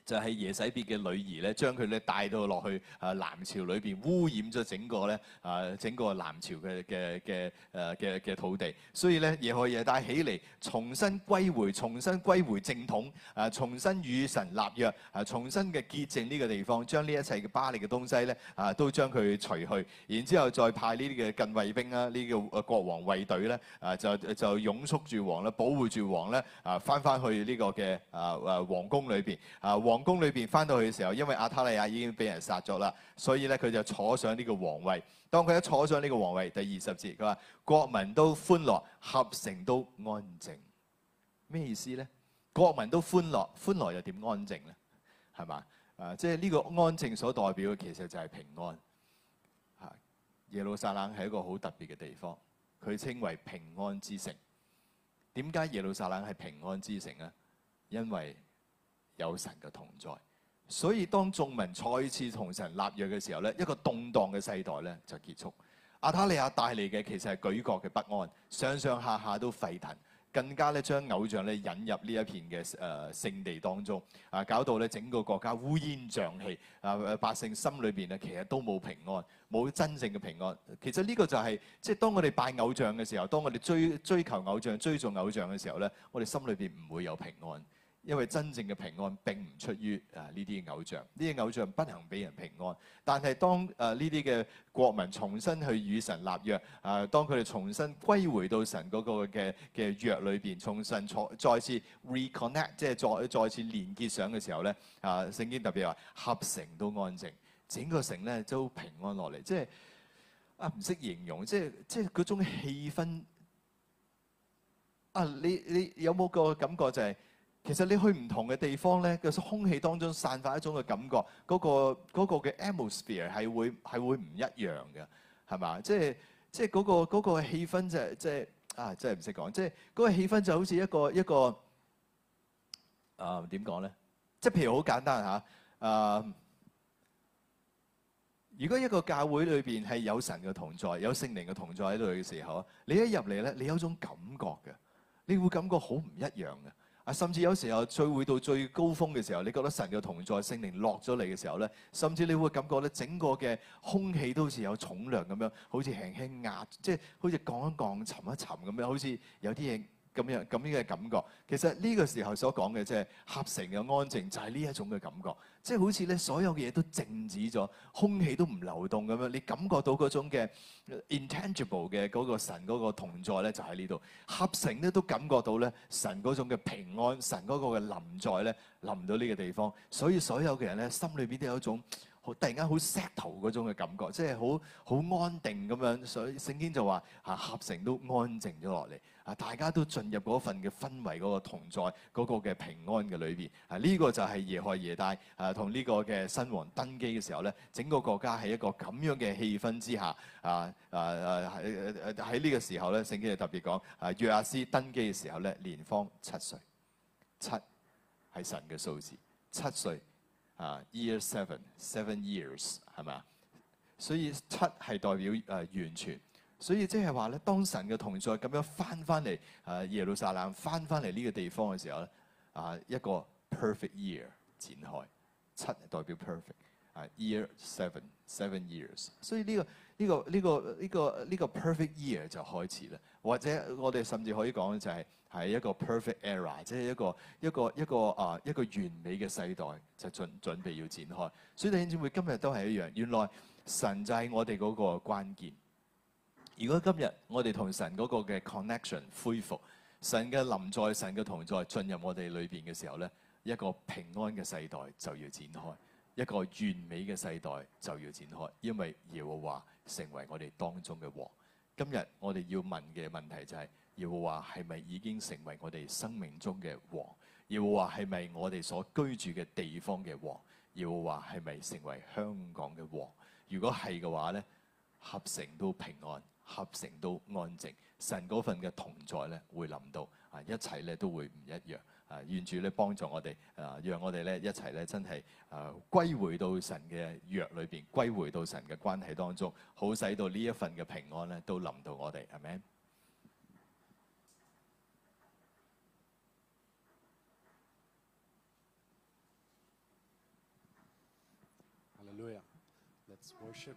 一就係、是、耶洗別嘅女兒咧，將佢咧帶到落去啊南朝裏邊，污染咗整個咧啊整個南朝嘅嘅嘅誒嘅嘅土地。所以咧，耶和華帶起嚟，重新歸回，重新歸回正統啊重新與神立約啊重新嘅潔淨呢個地方，將呢一切嘅巴力嘅東西咧啊，都將佢除去。然之後再派呢啲嘅近衛兵啦，呢、啊、個國王衛隊咧啊就就擁簇住王咧，保護住王咧啊，翻翻去呢個嘅啊啊皇宮裏邊啊。回回皇宮裏邊翻到去嘅時候，因為亞他利亞已經俾人殺咗啦，所以咧佢就坐上呢個皇位。當佢一坐上呢個皇位，第二十節佢話：國民都歡樂，合城都安靜。咩意思呢？國民都歡樂，歡樂又點安靜呢？係嘛？啊，即係呢個安靜所代表嘅，其實就係平安。吓，耶路撒冷係一個好特別嘅地方，佢稱為平安之城。點解耶路撒冷係平安之城咧？因為有神嘅同在，所以當眾民再次同神立約嘅時候咧，一個動盪嘅世代咧就結束。亞他利亞帶嚟嘅其實係舉國嘅不安，上上下下都沸騰，更加咧將偶像咧引入呢一片嘅誒、呃、聖地當中，啊搞到咧整個國家烏煙瘴氣，啊百姓心裏邊咧其實都冇平安，冇真正嘅平安。其實呢個就係、是、即係當我哋拜偶像嘅時候，當我哋追追求偶像、追蹤偶像嘅時候咧，我哋心裏邊唔會有平安。因為真正嘅平安並唔出於啊呢啲偶像，呢啲偶像不能俾人平安。但係當誒呢啲嘅國民重新去與神立約，誒、啊、當佢哋重新歸回到神嗰、嗰個嘅嘅約裏邊，重新再次 connect，再次 reconnect，即係再再次連結上嘅時候咧，啊聖經特別話合城都安靜，整個城咧都平安落嚟。即係啊唔識形容，即係即係嗰種氣氛。啊，你你有冇個感覺就係、是？其實你去唔同嘅地方咧，嘅空氣當中散發一種嘅感覺，嗰個嗰個嘅 atmosphere 係會係會唔一樣嘅，係嘛？即係即係嗰個嗰個氣氛就係即係啊，真係唔識講，即係嗰個氣氛就好似一個一個啊點講咧？呢即係譬如好簡單吓啊，如果一個教會裏邊係有神嘅同在，有聖靈嘅同在喺度嘅時候啊，你一入嚟咧，你有種感覺嘅，你會感覺好唔一樣嘅。甚至有時候聚會到最高峰嘅時候，你覺得神嘅同在聖靈落咗嚟，嘅時候咧，甚至你會感覺咧整個嘅空氣都好似有重量咁樣，好似輕輕壓，即係好似降一降、沉一沉咁樣，好似有啲嘢。咁樣咁呢個感覺，其實呢個時候所講嘅即係合成嘅安靜，就係呢一種嘅感覺，即係好似咧所有嘅嘢都靜止咗，空氣都唔流動咁樣，你感覺到嗰種嘅 intangible 嘅嗰個神嗰個同在咧，就喺呢度。合成咧都感覺到咧神嗰種嘅平安，神嗰個嘅臨在咧臨到呢個地方，所以所有嘅人咧心裏邊都有一種好突然間好 settle 嗰種嘅感覺，即係好好安定咁樣。所以聖經就話嚇合成都安靜咗落嚟。大家都進入嗰份嘅氛圍，嗰、那個同在，嗰、那個嘅平安嘅裏邊。啊！呢、這個就係耶何耶大啊，同呢個嘅新王登基嘅時候咧，整個國家喺一個咁樣嘅氣氛之下啊啊啊！喺、啊、呢、啊、個時候咧，聖經就特別講、啊，約阿斯登基嘅時候咧，年方七歲，七係神嘅數字，七歲啊，year seven，seven seven years 係咪啊？所以七係代表誒、呃、完全。所以即係話咧，當神嘅同在咁樣翻翻嚟啊，耶路撒冷翻翻嚟呢個地方嘅時候咧啊，一個 perfect year 展開，七代表 perfect 啊，year seven seven years，所以呢個呢個呢個呢個呢個 perfect year 就開始啦。或者我哋甚至可以講就係係一個 perfect era，即係一個一個一個啊、uh, 一個完美嘅世代就準準備要展開。所以弟兄姊妹今日都係一樣，原來神就係我哋嗰個關鍵。如果今日我哋同神嗰個嘅 connection 恢復，神嘅臨在、神嘅同在進入我哋裏邊嘅時候咧，一個平安嘅世代就要展開，一個完美嘅世代就要展開，因為耶和華成為我哋當中嘅王。今日我哋要問嘅問題就係耶和華係咪已經成為我哋生命中嘅王？耶和華係咪我哋所居住嘅地方嘅王？耶和華係咪成為香港嘅王？如果係嘅話咧，合城都平安。合成到安靜，神嗰份嘅同在咧，會臨到啊，一切咧都會唔一樣啊，願主咧幫助我哋啊，讓我哋咧一齊咧真係啊，歸回到神嘅約裏面，歸回到神嘅關係當中，好使到呢一份嘅平安咧都臨到我哋，係咪？Let's worship.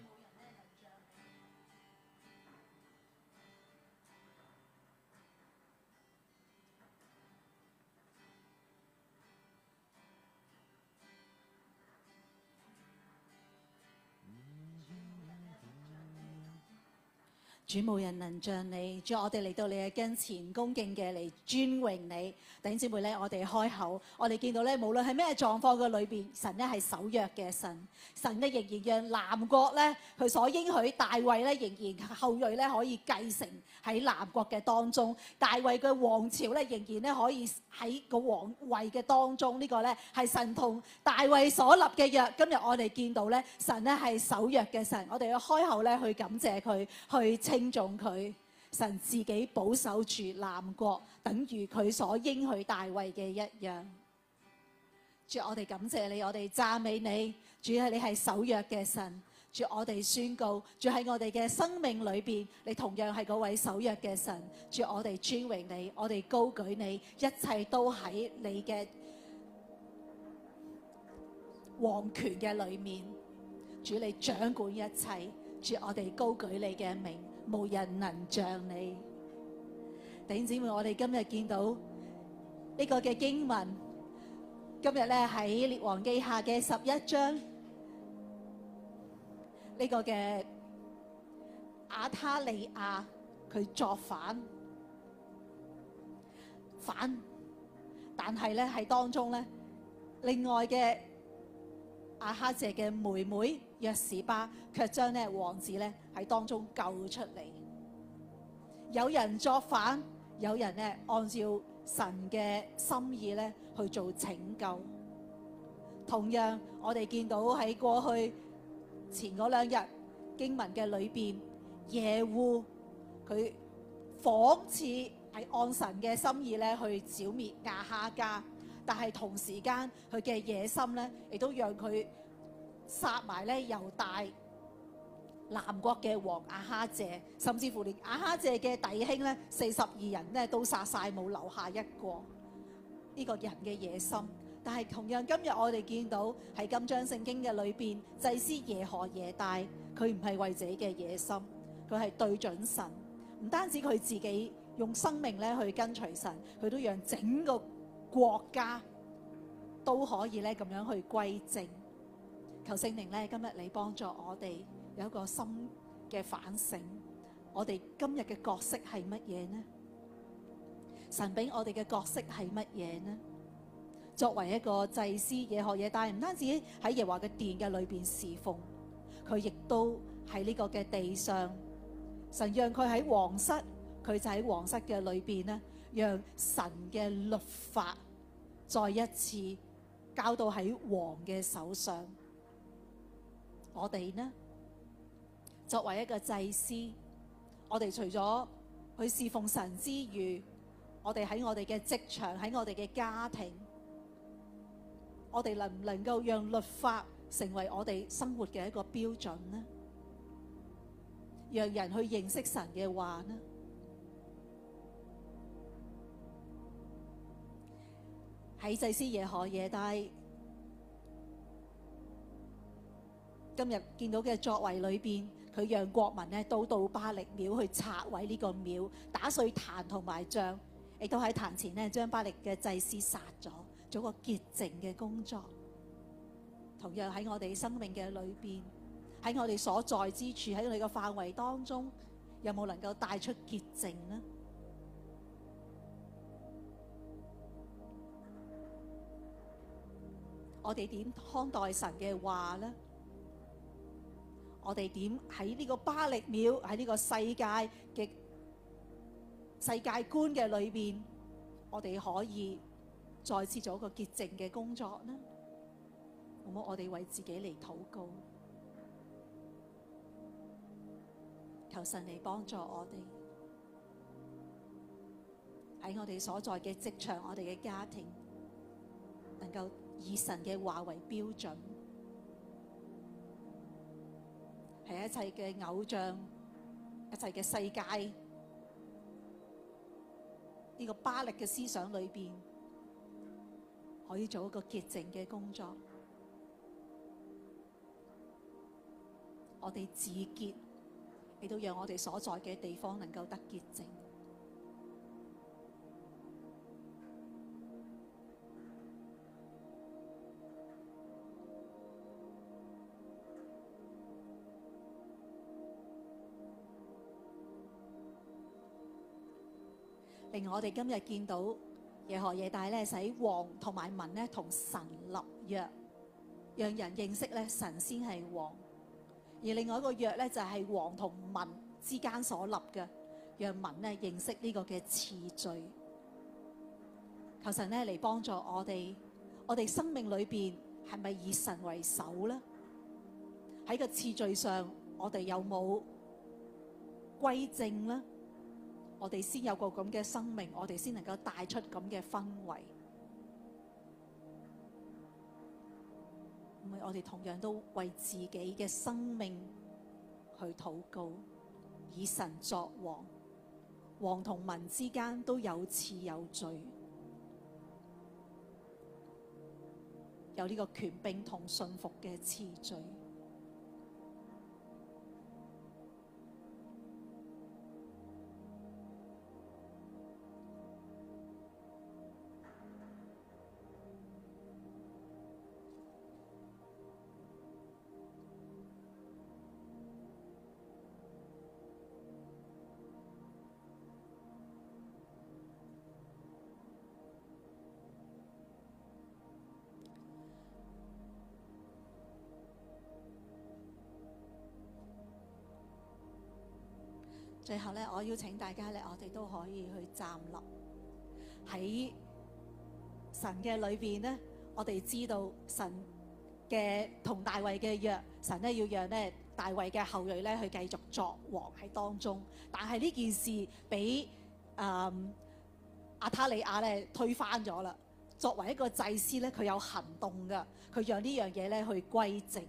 主冇人能像你，主我哋嚟到你嘅跟前，恭敬嘅嚟尊榮你。弟兄姊妹咧，我哋開口，我哋見到咧，無論係咩狀況嘅裏邊，神咧係守約嘅神，神咧仍然讓南國咧佢所應許大衛咧，仍然後裔咧可以繼承喺南國嘅當中，大衛嘅王朝咧仍然咧可以喺個王位嘅當中，這個、呢個咧係神同大衛所立嘅約。今日我哋見到咧，神咧係守約嘅神，我哋要開口咧去感謝佢，去稱。尊重佢，神自己保守住南國，等於佢所應許大衛嘅一樣。主，我哋感謝你，我哋讚美你。主啊，你係守約嘅神。主，我哋宣告，主喺我哋嘅生命裏邊，你同樣係嗰位守約嘅神。主，我哋尊榮你，我哋高舉你，一切都喺你嘅王權嘅裏面。主，你掌管一切。主，我哋高舉你嘅名。無人能像你，弟兄姊妹，我哋今日見到呢個嘅經文，今日咧喺《列王記下》嘅十一章，呢個嘅亞他利亞佢作反反，但係咧喺當中咧，另外嘅亞哈謝嘅妹妹。約士巴卻將咧王子咧喺當中救出嚟。有人作反，有人咧按照神嘅心意咧去做拯救。同樣，我哋見到喺過去前嗰兩日經文嘅裏邊，耶戶佢仿似係按神嘅心意咧去剿滅亞哈家，但係同時間佢嘅野心咧亦都讓佢。殺埋咧，又帶南國嘅王亞哈謝，甚至乎連亞哈謝嘅弟兄咧，四十二人咧都殺晒，冇留下一個。呢個人嘅野心，但係同樣今日我哋見到喺金章聖經嘅裏邊，祭司耶何耶大，佢唔係為自己嘅野心，佢係對準神。唔單止佢自己用生命咧去跟隨神，佢都讓整個國家都可以咧咁樣去歸正。求聖靈咧，今日你幫助我哋有一個新嘅反省。我哋今日嘅角色係乜嘢呢？神俾我哋嘅角色係乜嘢呢？作為一個祭司，嘢學嘢，但係唔單止喺耶和華嘅殿嘅裏邊侍奉，佢亦都喺呢個嘅地上。神讓佢喺皇室，佢就喺皇室嘅裏邊咧，讓神嘅律法再一次交到喺王嘅手上。我哋呢？作為一個祭司，我哋除咗去侍奉神之馀，我哋喺我哋嘅職場、喺我哋嘅家庭，我哋能唔能夠讓律法成為我哋生活嘅一個標準呢？讓人去認識神嘅話呢？喺祭司耶何耶大。今日見到嘅作為裏邊，佢讓國民呢都到巴力廟去拆毀呢個廟，打碎壇同埋像，亦都喺壇前咧將巴力嘅祭司殺咗，做個潔淨嘅工作。同樣喺我哋生命嘅裏邊，喺我哋所在之處，喺我哋嘅範圍當中，有冇能夠帶出潔淨呢？我哋點看待神嘅話呢？我哋點喺呢個巴力廟，喺呢個世界嘅世界觀嘅裡面，我哋可以再次做一個潔淨嘅工作呢？好冇？我哋為自己嚟禱告，求神嚟幫助我哋喺我哋所在嘅職場、我哋嘅家庭，能夠以神嘅話為標準。喺一切嘅偶像、一切嘅世界呢，這個巴力嘅思想裏邊，可以做一個潔淨嘅工作。我哋自潔，亦都讓我哋所在嘅地方能夠得潔淨。我哋今日見到耶何耶大咧使王同埋民咧同神立約，讓人認識咧神先係王，而另外一個約咧就係、是、王同民之間所立嘅，讓民咧認識呢個嘅次序。求神咧嚟幫助我哋，我哋生命裏邊係咪以神為首咧？喺個次序上，我哋有冇歸正咧？我哋先有個咁嘅生命，我哋先能夠帶出咁嘅氛圍。我哋同樣都為自己嘅生命去禱告，以神作王，王同民之間都有次有序，有呢個權柄同信服嘅次序。最後咧，我邀請大家咧，我哋都可以去站立。喺神嘅裏邊咧。我哋知道神嘅同大衛嘅約，神咧要讓咧大衛嘅後裔咧去繼續作王喺當中。但係呢件事俾、呃、亞他利雅咧推翻咗啦。作為一個祭司咧，佢有行動噶，佢讓呢樣嘢咧去歸正，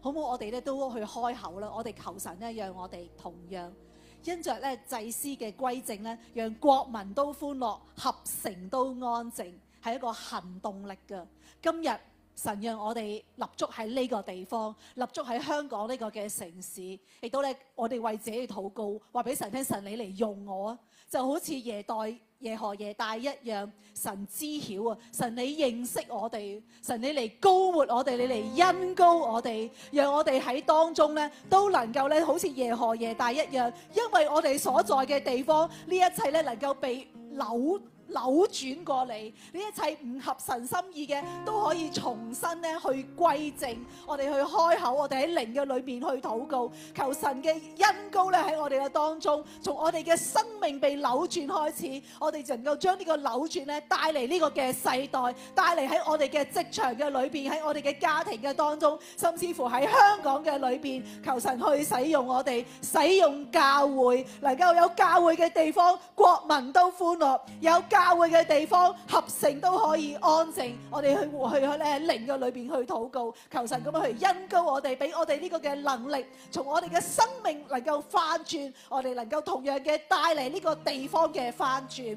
好唔好？我哋咧都去開口啦。我哋求神咧，讓我哋同樣。因着咧祭司嘅歸正咧，讓國民都歡樂，合城都安靜，係一個行動力噶。今日神讓我哋立足喺呢個地方，立足喺香港呢個嘅城市，亦都咧我哋為自己去禱告，話俾神聽，神你嚟用我，就好似耶代。耶何耶大一樣，神知曉啊！神你認識我哋，神你嚟高活我哋，你嚟恩高我哋，讓我哋喺當中呢，都能夠呢好似耶何耶大一樣，因為我哋所在嘅地方呢，一切呢能夠被扭，扭轉過嚟，呢一切唔合神心意嘅都可以重新咧去歸正。我哋去開口，我哋喺靈嘅裏面去禱告，求神嘅恩膏咧喺我哋嘅當中，從我哋嘅生命被扭轉開始，我哋就能夠將呢個扭轉咧帶嚟呢個嘅世代，帶嚟喺我哋嘅職場嘅裏邊，喺我哋嘅家庭嘅當中，甚至乎喺香港嘅裏邊，求神去使用我哋，使用教會，能夠有教會嘅地方，國民都歡樂，有教。教會嘅地方，合城都可以安靜。我哋去去去喺靈嘅裏邊去禱告，求神咁樣去恩膏我哋，俾我哋呢個嘅能力，從我哋嘅生命能夠翻轉，我哋能夠同樣嘅帶嚟呢個地方嘅翻轉。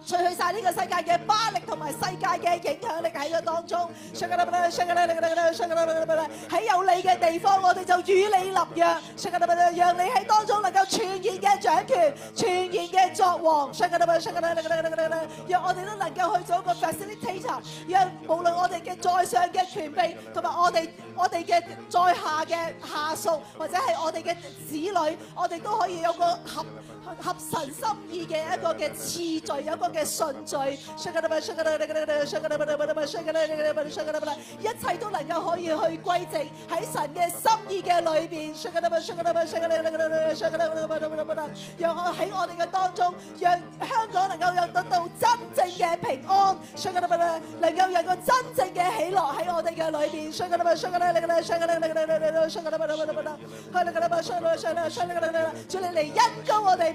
除去曬呢個世界嘅巴力同埋世界嘅影響力喺嘅當中，喺有你嘅地方，我哋就與你立約，讓你喺當中能夠全然嘅掌權、全然嘅作王。讓我哋都能夠去做一個 facilitator，讓無論我哋嘅在上嘅權柄，同埋我哋我哋嘅在下嘅下屬，或者係我哋嘅子女，我哋都可以有個合。合神心意嘅一個嘅次序，有一個嘅順序，一切都能夠可以去歸正喺神嘅心意嘅裏邊，讓我喺我哋嘅當中，讓香港能夠有得到真正嘅平安，能夠有個真正嘅喜樂喺我哋嘅裏邊，求你嚟恩膏我哋。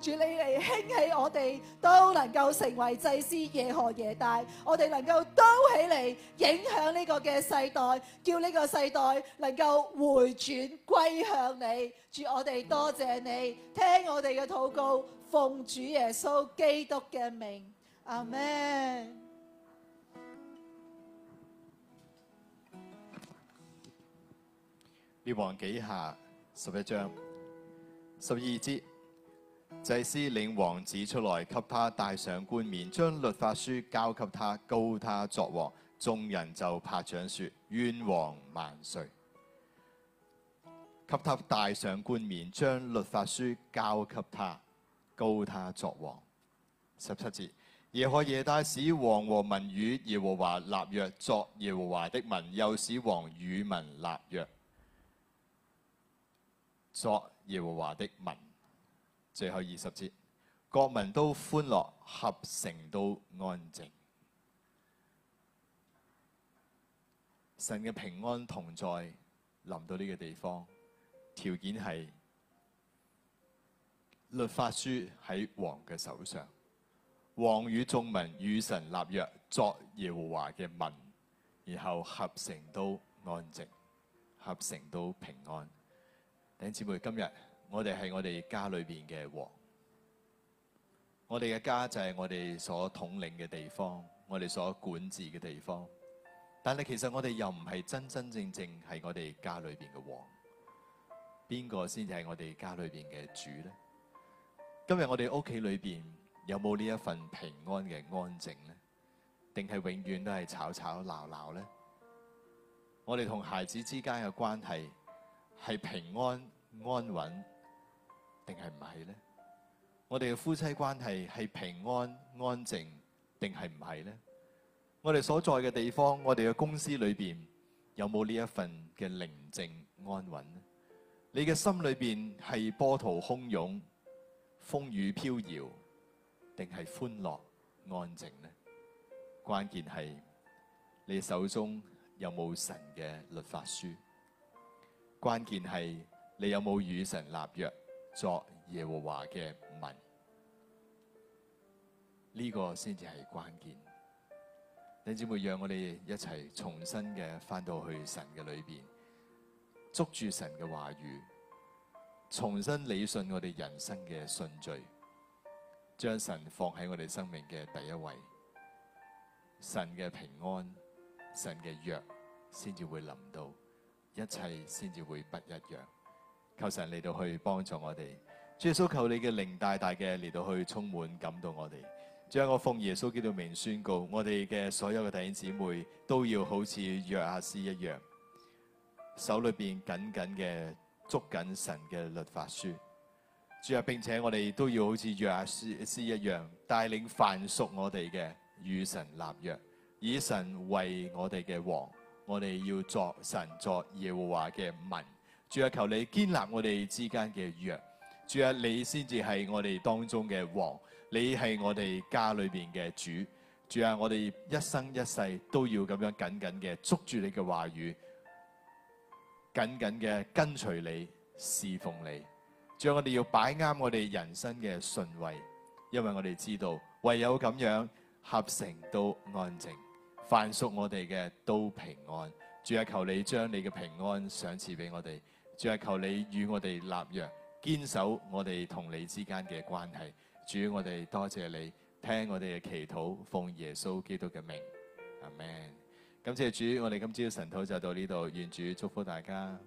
主你嚟興起我哋都能夠成為祭司，耶何耶大，我哋能夠高起嚟影響呢個嘅世代，叫呢個世代能夠回轉歸向你。主我哋多謝你，聽我哋嘅禱告，奉主耶穌基督嘅名，阿門。列王紀下十一章十二節。祭司領王子出來，給他戴上冠冕，將律法書交給他，膏他作王。眾人就拍掌說：願王萬歲！給他戴上冠冕，將律法書交給他，膏他作王。十七節，耶何耶大使王和民與耶和華立約，作耶和華的民；又使王與民立約，作耶和華的民。最後二十節，國民都歡樂，闔城都安靜。神嘅平安同在臨到呢個地方，條件係律法書喺王嘅手上，王與眾民與神立約，作耶和華嘅民，然後闔城都安靜，闔城都平安。頂姊妹今日。我哋係我哋家裏邊嘅王，我哋嘅家就係我哋所統領嘅地方，我哋所管治嘅地方。但係其實我哋又唔係真真正正係我哋家裏邊嘅王，邊個先至係我哋家裏邊嘅主咧？今日我哋屋企裏邊有冇呢一份平安嘅安靜呢？定係永遠都係吵吵鬧鬧咧？我哋同孩子之間嘅關係係平安安穩，定係唔係呢？我哋嘅夫妻關係係平安安靜，定係唔係呢？我哋所在嘅地方，我哋嘅公司裏邊有冇呢一份嘅寧靜安穩咧？你嘅心裏邊係波濤洶湧、風雨飄搖，定係歡樂安靜呢？關鍵係你手中有冇神嘅律法書？關鍵係你有冇與神立約？作耶和華嘅民，呢、這個先至係關鍵。弟兄姊妹，讓我哋一齊重新嘅翻到去神嘅裏邊，捉住神嘅話語，重新理順我哋人生嘅順序，將神放喺我哋生命嘅第一位，神嘅平安、神嘅約，先至會臨到，一切先至會不一樣。求神嚟到去幫助我哋，耶穌求你嘅靈大大嘅嚟到去充滿感動我哋。將我奉耶穌基督名宣告，我哋嘅所有嘅弟兄姊妹都要好似約阿斯一樣，手裏邊緊緊嘅捉緊，緊神嘅律法書。主啊，並且我哋都要好似約阿斯斯一樣帶領凡屬我哋嘅，與神立約，以神為我哋嘅王，我哋要作神作耶和華嘅民。主啊，求你建立我哋之間嘅約。主啊，你先至係我哋當中嘅王，你係我哋家裏邊嘅主。主啊，我哋一生一世都要咁樣緊緊嘅捉住你嘅話語，緊緊嘅跟隨你，侍奉你。主啊，我哋要擺啱我哋人生嘅順位，因為我哋知道唯有咁樣合成到安靜，凡屬我哋嘅都平安。主啊，求你將你嘅平安賞賜俾我哋。主係求你與我哋立約，堅守我哋同你之間嘅關係。主，我哋多謝你，聽我哋嘅祈禱，奉耶穌基督嘅名，阿門。感謝主，我哋今朝嘅神討就到呢度，願主祝福大家。